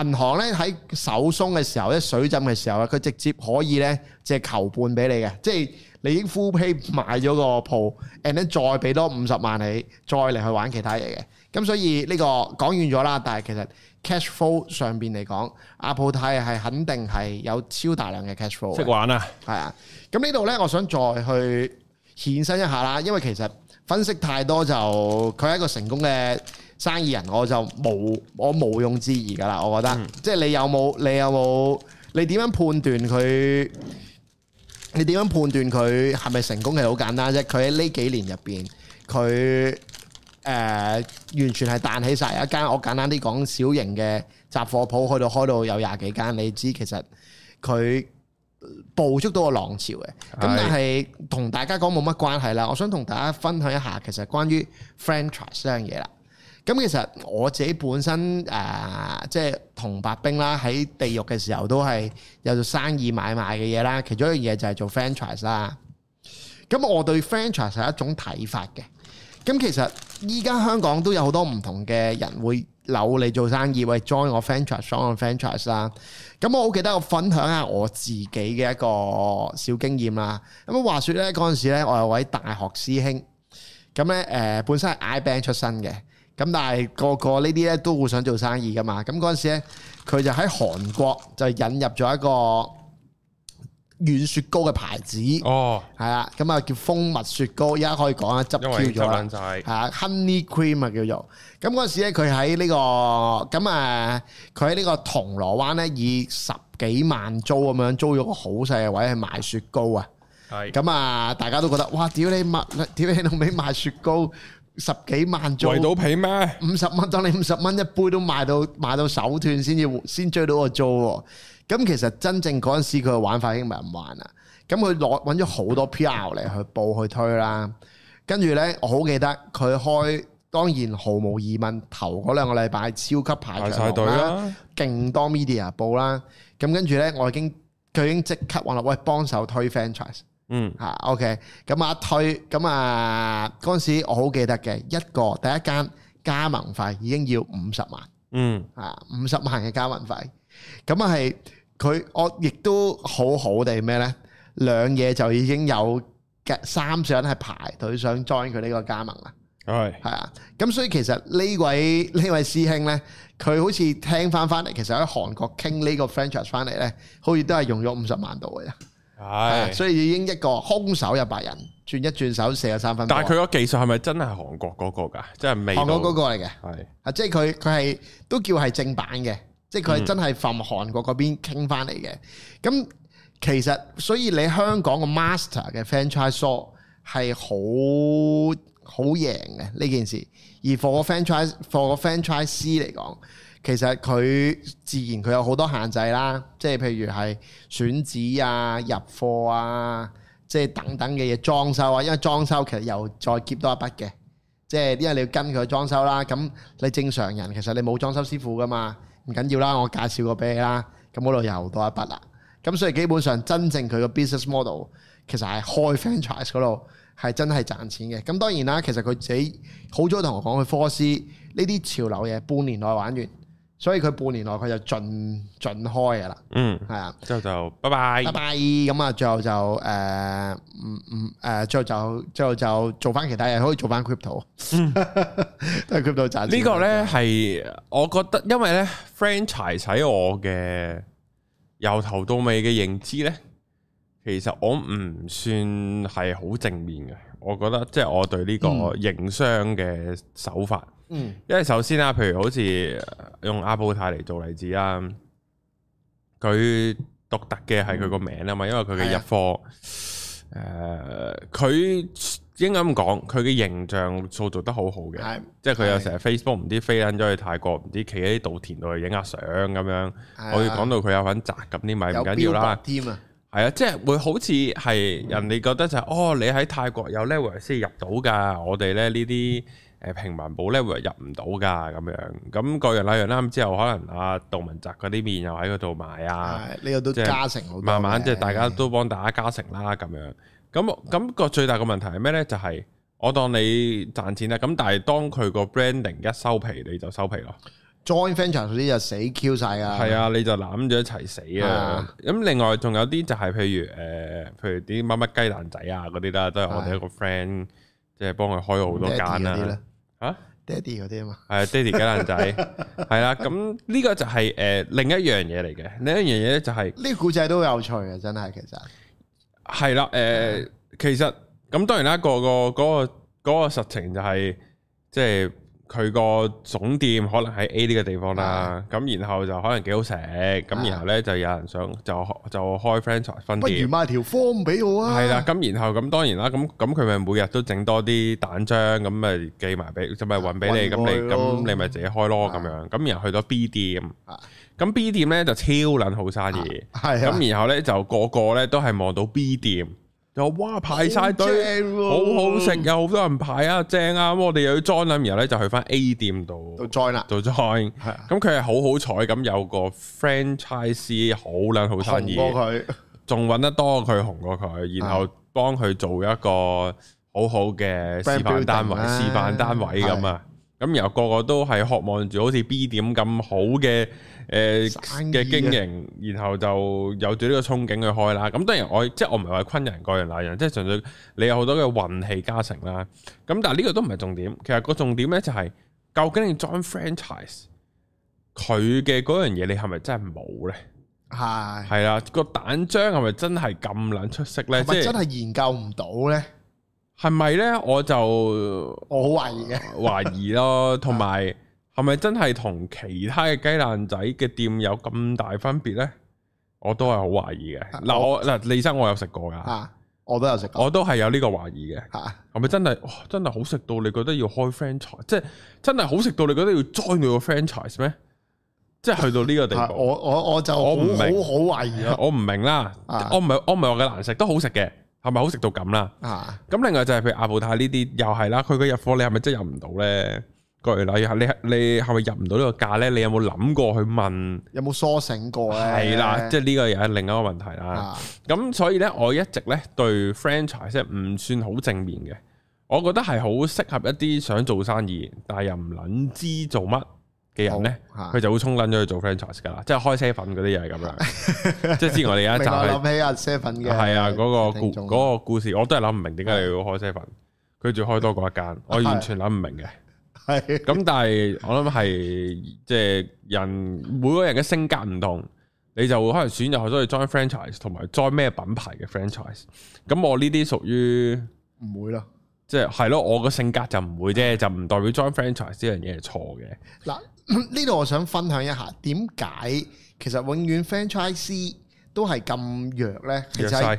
銀行咧，喺手鬆嘅時候，喺水浸嘅時候，佢直接可以咧借球半俾你嘅，即係。你已經 full pay 買咗個鋪，and 咧再俾多五十萬你，再嚟去玩其他嘢嘅。咁所以呢個講完咗啦，但係其實 cash flow 上邊嚟講，阿布泰係肯定係有超大量嘅 cash flow。識玩啊！係啊，咁呢度呢，我想再去衍伸一下啦，因為其實分析太多就佢係一個成功嘅生意人，我就無我無庸置疑噶啦，我覺得。嗯、即係你有冇？你有冇？你點樣判斷佢？你點樣判斷佢係咪成功，係好簡單啫？佢喺呢幾年入邊，佢誒、呃、完全係彈起曬一間。我簡單啲講，小型嘅雜貨鋪去到開到有廿幾間，你知其實佢捕捉到個浪潮嘅。咁的但係同大家講冇乜關係啦。我想同大家分享一下，其實關於 franchise 呢樣嘢啦。咁其實我自己本身誒，即、呃、係、就是、同白兵啦，喺地獄嘅時候都係有做生意買賣嘅嘢啦。其中一樣嘢就係做 franchise 啦。咁我對 franchise 係一種睇法嘅。咁其實依家香港都有好多唔同嘅人會扭你做生意，喂 join 我 franchise，join 我 franchise 啦。咁我好記得我分享下我自己嘅一個小經驗啦。咁啊話説咧嗰陣時咧，我有位大學師兄，咁咧誒本身係 I-Bank 出身嘅。咁但係個個呢啲咧都會想做生意噶嘛，咁嗰陣時咧佢就喺韓國就引入咗一個軟雪糕嘅牌子，哦，係啊，咁啊叫蜂蜜雪糕，而家可以講啊執 Q 咗啦，嚇 honey cream 啊叫做，咁嗰陣時咧佢喺呢個咁啊佢喺呢個銅鑼灣咧以十幾萬租咁樣租咗個好細嘅位去賣雪糕啊，係，咁啊大家都覺得哇屌你賣，屌你老味賣雪糕。十幾萬租到皮咩？五十蚊當你五十蚊一杯都賣到賣到手斷先至先追到個租喎，哦。咁其實真正嗰陣時佢嘅玩法已經唔玩啦。咁佢攞揾咗好多 PR 嚟去報去推啦。跟住呢，我好記得佢開當然毫無疑問，頭嗰兩個禮拜超級排曬隊啦，勁多 media 報啦。咁跟住呢，我已經佢已經即刻揾啦，喂幫手推，推 franchise 嗯，嚇，OK，咁一推，咁啊嗰陣時我好記得嘅，一個第一間加盟費已經要五十萬，嗯，啊五十萬嘅加盟費，咁啊係佢，我亦都好好地咩咧，兩嘢就已經有嘅三個人係排隊想 join 佢呢個加盟啦，係，係啊，咁所以其實呢位呢位師兄咧，佢好似聽翻翻嚟，其實喺韓國傾呢個 franchise 翻嚟咧，好似都係用咗五十萬度嘅。係，所以已經一個空手入白人，轉一轉手四十三分。但係佢個技術係咪真係韓國嗰個㗎？即係未韓國嗰個嚟嘅，係，即係佢佢係都叫係正版嘅，即係佢真係從韓國嗰邊傾翻嚟嘅。咁其實所以你香港個 master 嘅 franchise shop 係好好贏嘅呢件事，而 for 個 franchise for 個 franchisee 嚟講。其實佢自然佢有好多限制啦，即係譬如係選址啊、入貨啊，即係等等嘅嘢，裝修啊，因為裝修其實又再攬多一筆嘅，即係因為你要跟佢裝修啦。咁你正常人其實你冇裝修師傅㗎嘛，唔緊要啦，我介紹過俾你啦。咁嗰度又多一筆啦。咁所以基本上真正佢個 business model 其實係開 franchise 嗰度係真係賺錢嘅。咁當然啦，其實佢自己好早同我講，佢科師呢啲潮流嘢半年內玩完。所以佢半年內佢就盡盡開噶啦，嗯係啊，之後就拜拜拜拜。咁啊最後就誒唔唔誒，最後就最後就做翻其他嘢，可以做翻 crypto，都係 crypto 賺。呢個咧係我覺得，因為咧 franchise 我嘅由頭到尾嘅認知咧，其實我唔算係好正面嘅。我覺得即係我對呢個營商嘅手法。嗯嗯，因為首先啊，譬如好似用阿布泰嚟做例子啦，佢獨特嘅係佢個名啊嘛，因為佢嘅入貨，誒、嗯，佢、呃、應該咁講，佢嘅形象塑造得好好嘅，嗯、即係佢又成日 Facebook 唔知飛翻咗去泰國，唔知企喺啲稻田度去影下相咁樣，嗯、我要講到佢有份宅咁啲咪唔緊要啦，添啊、嗯，係啊，即係會好似係人哋覺得就係、是、哦，你喺泰國有 level 先入到噶，我哋咧呢啲。誒平民報咧會入唔到㗎咁樣，咁個樣那樣啦，咁之後，可能阿杜汶澤嗰啲麵又喺嗰度賣啊，呢個都加成好多，慢慢即係大家都幫大家加成啦咁樣。咁咁個最大個問題係咩咧？就係我當你賺錢啦，咁但係當佢個 branding 一收皮你就收皮咯。Joint venture 嗰啲就死 q 晒啊！係啊，你就攬咗一齊死啊！咁的另外仲有啲就係譬如誒，譬如啲乜乜雞蛋仔啊嗰啲啦，都係我哋一個 friend 即係的幫佢開好多間啦。啊，爹哋嗰啲啊嘛，係 啊，爹哋嘅男仔，係 啦 atif，咁呢個就係誒另一樣嘢嚟嘅，另一樣嘢咧就係、是、呢個古仔都有趣嘅，真係其實係啦，誒，其實咁一、啊、當然啦，個個嗰個嗰個實情就係、是、即係。佢個總店可能喺 A 呢個地方啦，咁然後就可能幾好食，咁然後咧就有人想就就開 franchise 分店，不如賣條方俾我啊！係啦，咁然後咁當然啦，咁咁佢咪每日都整多啲蛋漿，咁咪寄埋俾，咁咪運俾你，咁你咁你咪自己開咯咁樣。咁然後去到 B 店，咁 B 店咧就超撚好生意，咁然後咧就個個咧都係望到 B 店。又哇排晒隊，啊、好好食，有好多人排啊，正啊！咁我哋又要 join 啦，然後咧就去翻 A 店度做 join 啦 join 咁佢係好好彩咁有個 franchise 好靚好生意，紅過佢，仲揾得多佢，紅過佢，然後幫佢做一個好好嘅示範單位，啊、示範單位咁啊！咁然後個個都係渴望住好似 B 點咁好嘅誒嘅經營，然後就有住呢個憧憬去開啦。咁當然我、嗯、即係我唔係話昆人過人嗱人，人那樣即係純粹你有好多嘅運氣加成啦。咁但係呢個都唔係重點，其實個重點咧就係、是、究竟 join franchise 佢嘅嗰樣嘢，你係咪真係冇咧？係係啦，個蛋漿係咪真係咁撚出色咧？係咪真係研究唔到咧？係咪咧？我就我好懷疑嘅，懷疑咯。同埋係咪真係同其他嘅雞蛋仔嘅店有咁大分別咧？我都係好懷疑嘅。嗱我，我嗱，李生我有食過㗎、啊，我都有食過，我都係有呢個懷疑嘅。係咪、啊、真係、哦、真係好食到？你覺得要開 franchise，即係真係好食到？你覺得要 join 你個 franchise 咩？即係去到呢個地步，啊、我我我就好好懷疑咯。我唔明啦，我唔我唔係話佢難食，都好食嘅。係咪好食到咁啦？啊！咁另外就係譬如阿布泰呢啲又係啦，佢嘅入貨你係咪真入唔到咧？舉例啦，你你係咪入唔到呢個價咧？你有冇諗過去問？有冇梳醒過咧？係啦，即係呢個又係另一個問題啦。咁、啊、所以咧，我一直咧對 franchise 唔算好正面嘅，我覺得係好適合一啲想做生意但係又唔諗知做乜。嘅人咧，佢好就會衝撚衝緊咗去做 franchise 噶啦，即係開西粉嗰啲又係咁樣，即係 之前我哋有一集諗起阿西粉嘅，係你啊嗰、嗰個故嗰故事，我都係諗唔明點解你要開西粉，佢仲開多過一間，我完全諗唔明嘅。係咁， 但係我諗係即係人每個人嘅性格唔同，你就會可能選擇去所以 join franchise 同埋 join 咩品牌嘅 franchise。咁我呢啲屬於唔會啦。即係咯，我個性格就唔會啫，就唔代表 join franchise 呢樣嘢係錯嘅。嗱，呢度我想分享一下，點解其實永遠 franchise 都係咁弱呢？其實係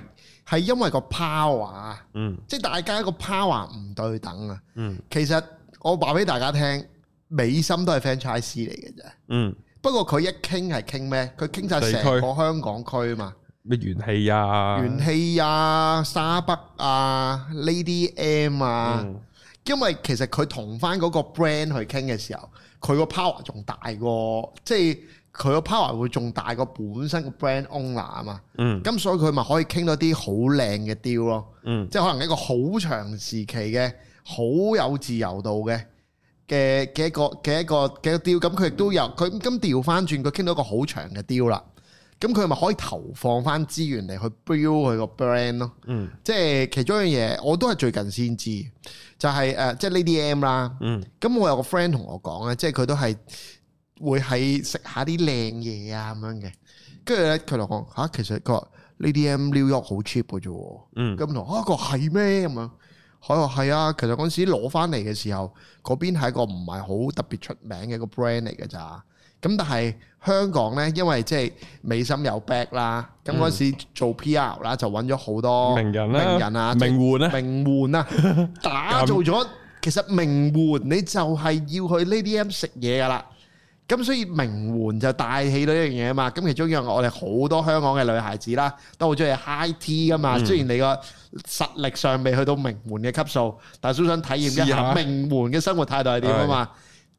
了因為個 power，嗯，即係大家個 power 唔對等啊。嗯，其實我話俾大家聽，美心都係 franchise 嚟嘅啫。嗯，不過佢一傾係傾咩？佢傾晒成個香港區嘛。咩元氣啊？元氣啊！沙北啊！Lady M 啊！嗯、因為其實佢同翻嗰個 brand 去傾嘅時候，佢個 power 仲大過，即係佢個 power 會仲大過本身個 brand owner 啊嘛。嗯。咁所以佢咪可以傾到啲好靚嘅 deal 咯。嗯。即係可能一個好長時期嘅、好有自由度嘅嘅嘅一個嘅一個嘅 deal，咁佢亦都有。佢咁調翻轉，佢傾到一個好長嘅 deal 啦。咁佢咪可以投放翻資源嚟去 build 佢個 brand 咯，嗯、即係其中一樣嘢，我都係最近先知，就係、是、誒、呃，即係呢啲 Lady M 啦。咁我有個 friend 同我講咧，即係佢都係會喺食下啲靚嘢啊咁樣嘅，跟住咧佢同我吓，其實佢話呢啲 Lady M New York 好 cheap 㗎啫，嗯，咁同啊個係咩咁樣？佢話係啊，其實嗰陣、啊嗯啊啊、時攞翻嚟嘅時候，嗰邊係一個唔係好特別出名嘅一個 brand 嚟㗎咋。咁但係香港呢，因為即係美心有 back 啦，嗯，咁嗰時做 PR 啦，就揾咗好多名人啦、名人啊、名媛啊、名媛啊， 打造咗。 其實名媛你就係要去呢啲咁食嘢噶啦。咁所以名媛就帶起到一樣嘢啊嘛。咁其中一樣我哋好多香港嘅女孩子啦，都好中意 high tea 噶嘛。嗯、雖然你個實力上未去到名媛嘅級數，但係都想體驗一下名媛嘅生活態度係點啊嘛。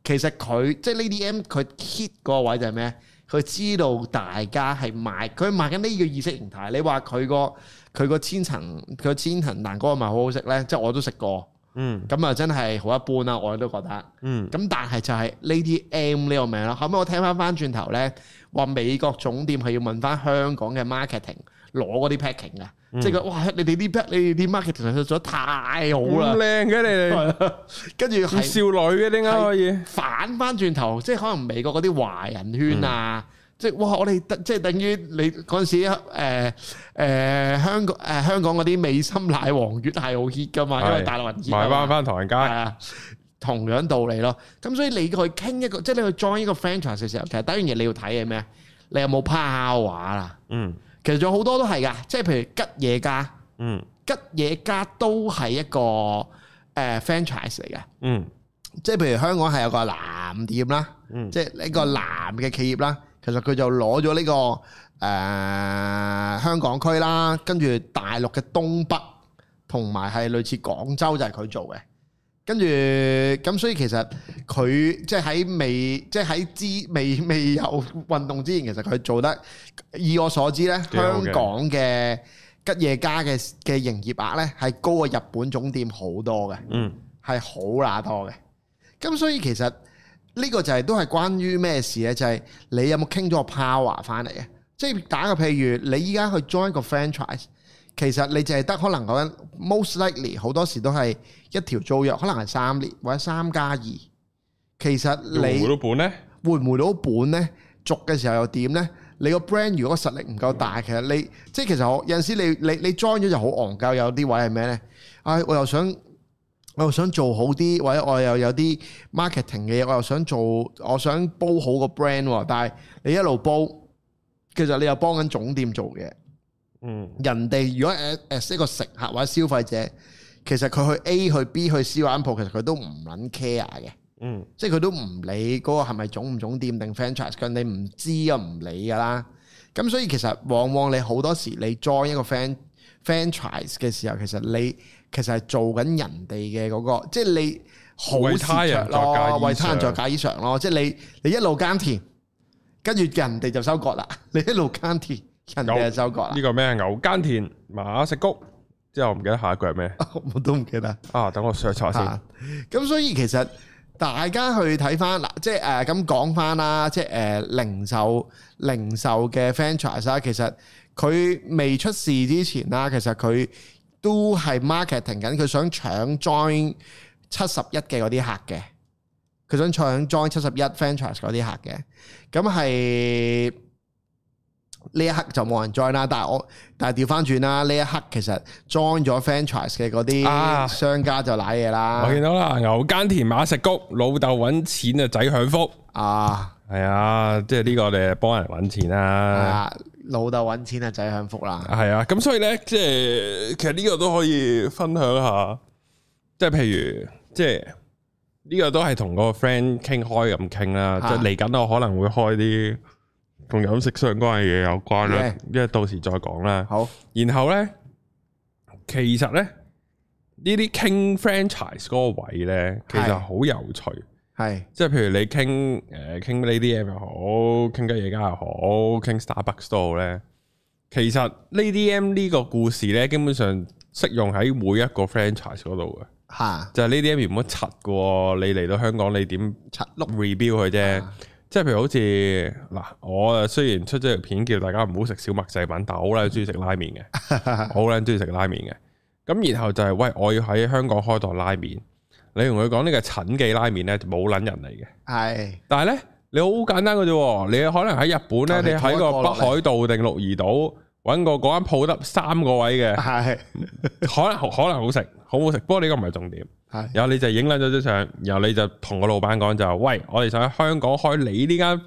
其實佢即係 Lady M 佢 hit 嗰個位就係咩？佢知道大家係買佢賣緊呢個意識形態。你話佢個佢個千層佢千層蛋糕係咪好好食咧？即係我都食過，嗯，咁啊真係好一般啦，我都覺得，嗯，咁但係就係 Lady M 呢個名啦。後尾我聽翻翻轉頭咧，話美國總店係要問翻香港嘅 marketing 攞嗰啲 packing 嘅。即係個哇，你哋啲你哋啲 market 實在做得太好啦，靚嘅、啊、你， 跟住是少女嘅點解可以反翻轉頭？即係可能美國嗰啲華人圈啊，嗯、即係哇，我哋即係等於你嗰陣時誒誒、呃呃，香港誒、呃、香港嗰啲美心奶皇月係好 hit 噶嘛，是因為大陸人買翻翻唐人街，啊，同樣道理咯。咁所以你去傾一個，即係你去 join 一個 franchise，其實其實第一樣嘢你要睇嘅咩？你有冇 power 啦？嗯。其實仲有好多都係㗎，即係譬如吉野家，嗯，吉野家都係一個誒 franchise 嚟嘅，嗯，即係譬如香港係有個藍店啦，嗯、即係呢個藍嘅企業啦，其實佢就攞咗呢個誒、呃、香港區啦，跟住大陸嘅東北同埋係類似廣州就係佢做嘅。跟住咁，所以其實佢即係喺未，即係喺之未未有運動之前，其實佢做得，以我所知呢，香港嘅吉野家嘅嘅營業額呢，係高過日本總店好多嘅，嗯，係好乸多嘅。咁所以其實呢個就係都係關於咩事呢？就係你有冇傾咗個 power 翻嚟啊？即係打個譬如，你依家去 join 個 franchise。其實你就係得可能講 most likely 好多時都係一條租約，可能係三年或者三加二。2，其實你會唔會回到本呢，回唔到本呢？續嘅時候又點呢？你個 brand 如果實力唔夠大，其實你即係其實我有陣時你你你 join 咗就好戇鳩，有啲位係咩呢？唉、哎，我又想我又想做好啲，或者我又有啲 marketing 嘅嘢，我又想做，我想煲好個 brand，但係你一路煲，其實你又幫緊總店做嘢。嗯，人哋如果誒誒係一個食客或者消費者，其實佢去 A 去 B 去 C 間鋪，其實佢都唔撚 care 嘅，嗯，即是是種種，即係佢都唔理嗰個係咪總唔總店定 franchise，佢哋唔知又唔理㗎啦。咁所以其實往往你好多時你 join 一個 franchise 嘅時候，其實你其實係做緊人哋嘅嗰個，即係你好視著咯，為他人作嫁衣裳咯，即係你你一路耕田，跟住人哋就收割啦，你一路耕田。有呢個咩？牛耕田，馬食谷，之後我唔記得下一句係咩？我都唔記得。啊，等我 search 下先。咁所以其實大家去睇翻嗱，即係誒咁講翻啦，即係誒零售、零售嘅 Franchise 啦。其實佢未出事之前啦，其實佢都係 marketing 緊，佢想搶 join 七十一嘅嗰啲客嘅。佢想搶 join 七十一 Franchise 嗰啲客嘅，咁係。呢一刻就冇人 join 啦，但係我但係調翻轉啦，呢一刻其實 join 咗 franchise 嘅嗰啲商家就瀨嘢啦。我見到啦，牛耕田馬食谷，老豆揾錢啊，仔享福啊，係啊，即係呢個你哋幫人揾錢啦。啊，老豆揾錢啊，仔享福啦。係啊，咁所以咧，即係其實呢個都可以分享下，即係譬如即係呢個都係同個 friend 傾開咁傾啦，即係嚟緊我可能會開啲。同飲食相關嘅嘢有關啦，因為的到時再講啦。好，然後咧，其實咧呢啲傾 franchise 嗰個位咧，其實好有趣，係的即係譬如你傾誒傾、呃、Lady M 又好，傾其他嘢家又好，傾 Starbucks t 度咧，其實 Lady M 呢個故事咧，基本上適用喺每一個 franchise 嗰度嘅，係的就係 Lady M 唔好拆嘅喎，你嚟到香港你點拆粒 rebuild 佢啫。即係譬如好似嗱，我雖然出咗條片叫大家唔好食小麥製品，但係我好撚中意食拉麵嘅， 我好撚中意食拉麵嘅。咁然後就係、是，喂，我要喺香港開檔拉麵，你同佢講呢個陳記拉麵咧冇撚人嚟嘅，係是。但係咧，你好簡單㗎啫，你可能喺日本咧，你喺個北海道定鹿兒島。揾個嗰間鋪得三個位嘅，係 可能可能好食，好好食？不過呢個唔係重點。係， 然後你就影咗張相，然後你就同個老闆講就，喂，我哋想喺香港開你呢間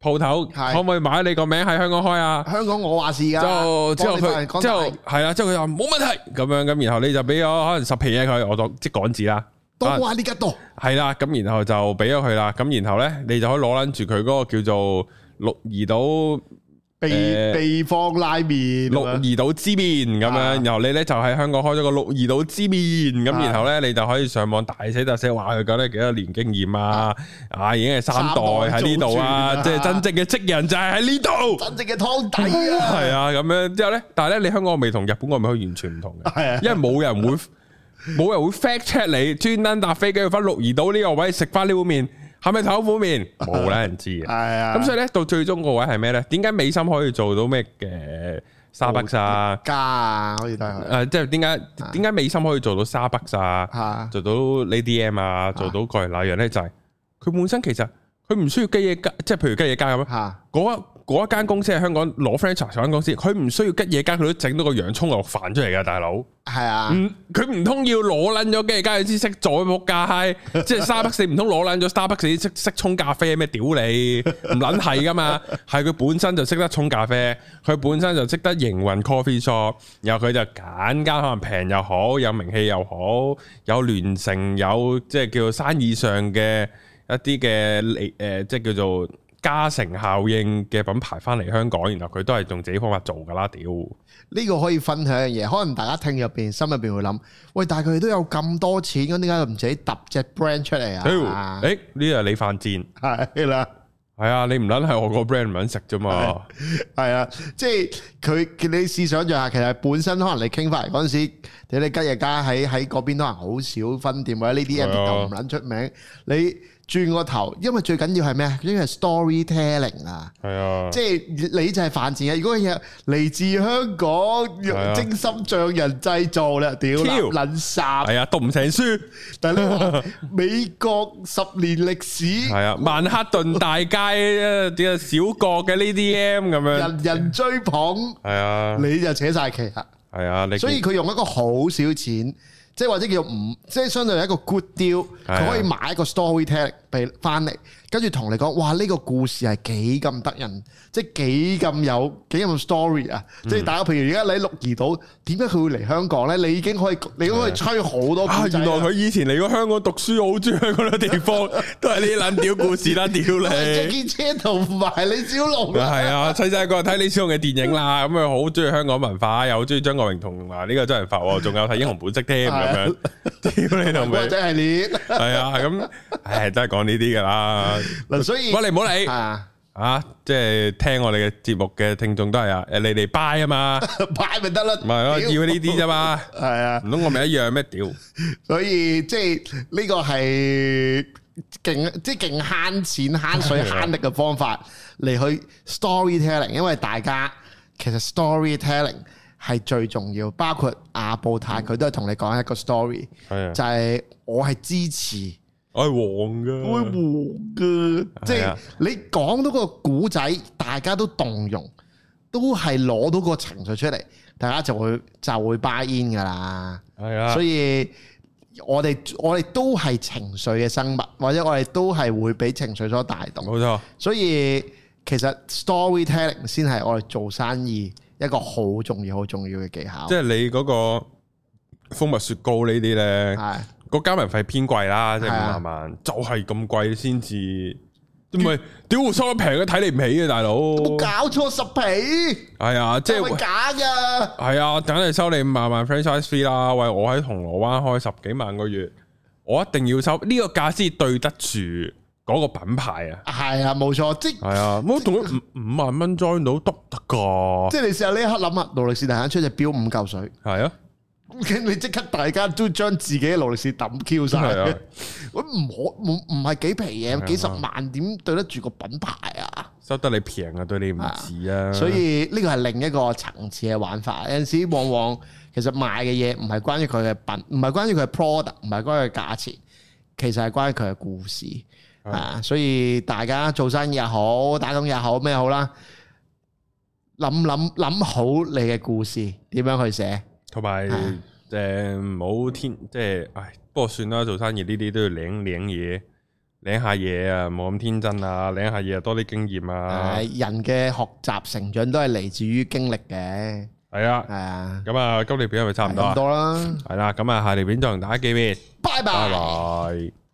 鋪頭，可唔可以買你個名喺香港開啊？香港我話事噶，就之後佢，之後係啦，之後佢話冇問題咁樣咁，然後你就俾咗可能十皮嘢佢，我就即港紙啦。多啊呢間多。係啦，咁然後就俾咗佢啦，咁然後咧，你就可以攞撚住佢嗰個叫做鹿兒島秘方拉麵，鹿兒島之麵咁樣，然後你咧就喺香港開咗個鹿兒島之麵，咁然後咧你就可以上網大寫大寫話佢講咧幾多年經驗啊，啊已經係三代喺呢度啊，即係真正嘅職人就係喺呢度，真正嘅湯底啊，係啊咁樣之後咧，但係咧你香港未同日本我咪可以完全唔同嘅，係啊，因為冇人會冇人會 fact check 你，專登搭飛機去翻鹿兒島呢個位食翻呢碗麵。係咪頭苦麵？冇啦，人知 啊。係啊。咁所以咧，到最終個位係咩咧？點解美心可以做到咩嘅沙北沙加啊？可以睇下。誒、就是，即係點解點解美心可以做到沙北沙、啊？吓， 做到呢 D M 啊，做到各樣咧，就係、是、佢本身其實佢唔需要雞嘢、就是、加，即係譬如雞嘢加咁啊。吓，嗰。嗰一間公司喺香港攞 Franchise 咗間公司，佢唔需要吉野家，佢都整到個洋葱牛肉飯出嚟嘅大佬。係啊，唔佢唔通要攞撚咗吉野家先識做仆街？ 即係 Starbucks 唔通攞撚咗 Starbucks 識沖咖啡咩？屌你，唔撚係噶嘛？係佢本身就識得沖咖啡，佢本身就識得營運 Coffee Shop，然後佢就揀間可能平又好，有名氣又好，有聯成有即係叫做生意上嘅一啲嘅利誒，即係叫做。加成效應嘅品牌翻嚟香港，然後佢都係用自己方法做㗎啦。屌，呢個可以分享嘅嘢，可能大家聽入邊心入邊會諗，喂，但係佢哋都有咁多錢，咁點解唔自己揼隻 brand 出嚟啊？屌，誒呢個係你犯賤，係啦，係啊，你唔撚係我個 brand 唔撚食啫嘛，係啊，即係佢，你試想像下，其實本身可能你傾翻嗰陣時，你吉野家喺喺嗰邊都係好少分店或者呢啲人唔撚出名，你。轉個頭，因為最緊要係咩？因為 storytelling 啊，係啊，即係你就係犯賤啊！如果嘢嚟自香港，用精心匠人製造啦，屌，超，撚殺係啊，讀唔成書。 但係你話美國十年歷史，係啊， 曼克頓大街啊，點啊，小國嘅呢啲 M 咁樣，人人追捧，係啊，你就扯晒旗啊，係啊，所以佢用一個好少錢。即係或者叫做唔，即係相對係一個 good deal，佢的可以買一個 story 聽。翻嚟，跟住同你講，哇！呢、這個故事係幾咁得人，即係幾咁有幾咁 story 啊！即係、嗯、大家在在，譬如而家你喺鹿兒島，點解佢會嚟香港咧？你已經可以，你都可以吹好多。原來佢以前嚟過香港讀書，好中意香港嘅地方，都係呢啲爛屌故事啦，屌 你！只見車同埋李小龍。係啊，細細個睇李小龍嘅電影啦，咁佢好中意香港文化，又好中意張國榮同埋呢個周潤發，仲有睇英雄本色添咁樣。屌是的 你同我真係叻、這個，係啊，咁唉，真係講。呢啲噶啦，嗱，所以我嚟唔好理啊！啊，即係聽我哋嘅節目嘅聽眾都係啊，你哋拜啊嘛，拜咪得啦，唔係咯，我要呢啲啫嘛，係啊，唔通我咪一樣咩屌？所以即係呢個係勁，即係勁慳錢慳水慳力嘅方法嚟去 storytelling，因為大家其實 storytelling 係最重要，包括阿布泰佢都係同你講一個 story，就係我係支持。我係黃噶，會黃噶，的即係你講到個古仔，大家都動容，都係攞到個情緒出嚟，大家就會就會 buy in 噶啦。係啊的，所以我哋我哋都係情緒嘅生物，或者我哋都係會俾情緒所帶動。冇錯的，所以其實 storytelling 先係我哋做生意一個好重要、好重要嘅技巧。即係的你嗰個蜂蜜雪糕呢啲咧。係。個加盟費偏貴啦，即係五萬萬，就係咁貴先至，唔係屌收得平，都睇你唔起啊，大佬！冇搞錯十皮？係啊，即係假噶，係啊，等你收你五萬萬 franchise fee 啦。喂，我喺銅鑼灣開十幾萬個月，我一定要收呢個價先對得住嗰個品牌啊。係啊，冇錯，即係啊，冇同五五萬蚊 join 到得噶。啊、即係你試下呢一刻諗下，勞力士大眼出隻表五嚿水，係啊。咁你即刻，大家都將自己嘅勞力士抌 Q 晒，我唔可冇唔係幾皮嘢，幾十萬點對得住個品牌啊？收得你平啊，對你唔止啊。所以呢個係另一個層次嘅玩法。有陣時往往其實賣嘅嘢唔係關於佢嘅品，唔係關於佢嘅 product，唔係關於佢嘅價錢，其實係關於佢嘅故事啊。所以大家做生意又好，打工又好，咩好啦，諗諗諗好你嘅故事點樣去寫。同埋，即係冇天，即係，唉，不過算啦，做生意呢啲都要領領嘢，領下嘢啊，冇咁天真啊，領下嘢啊，多啲經驗啊。係，人嘅學習成長都係嚟自於經歷嘅。係啊，係啊，咁啊，今條片係咪差唔多啊？差唔多啦，係啦，咁啊，下條片再同大家見面。拜拜。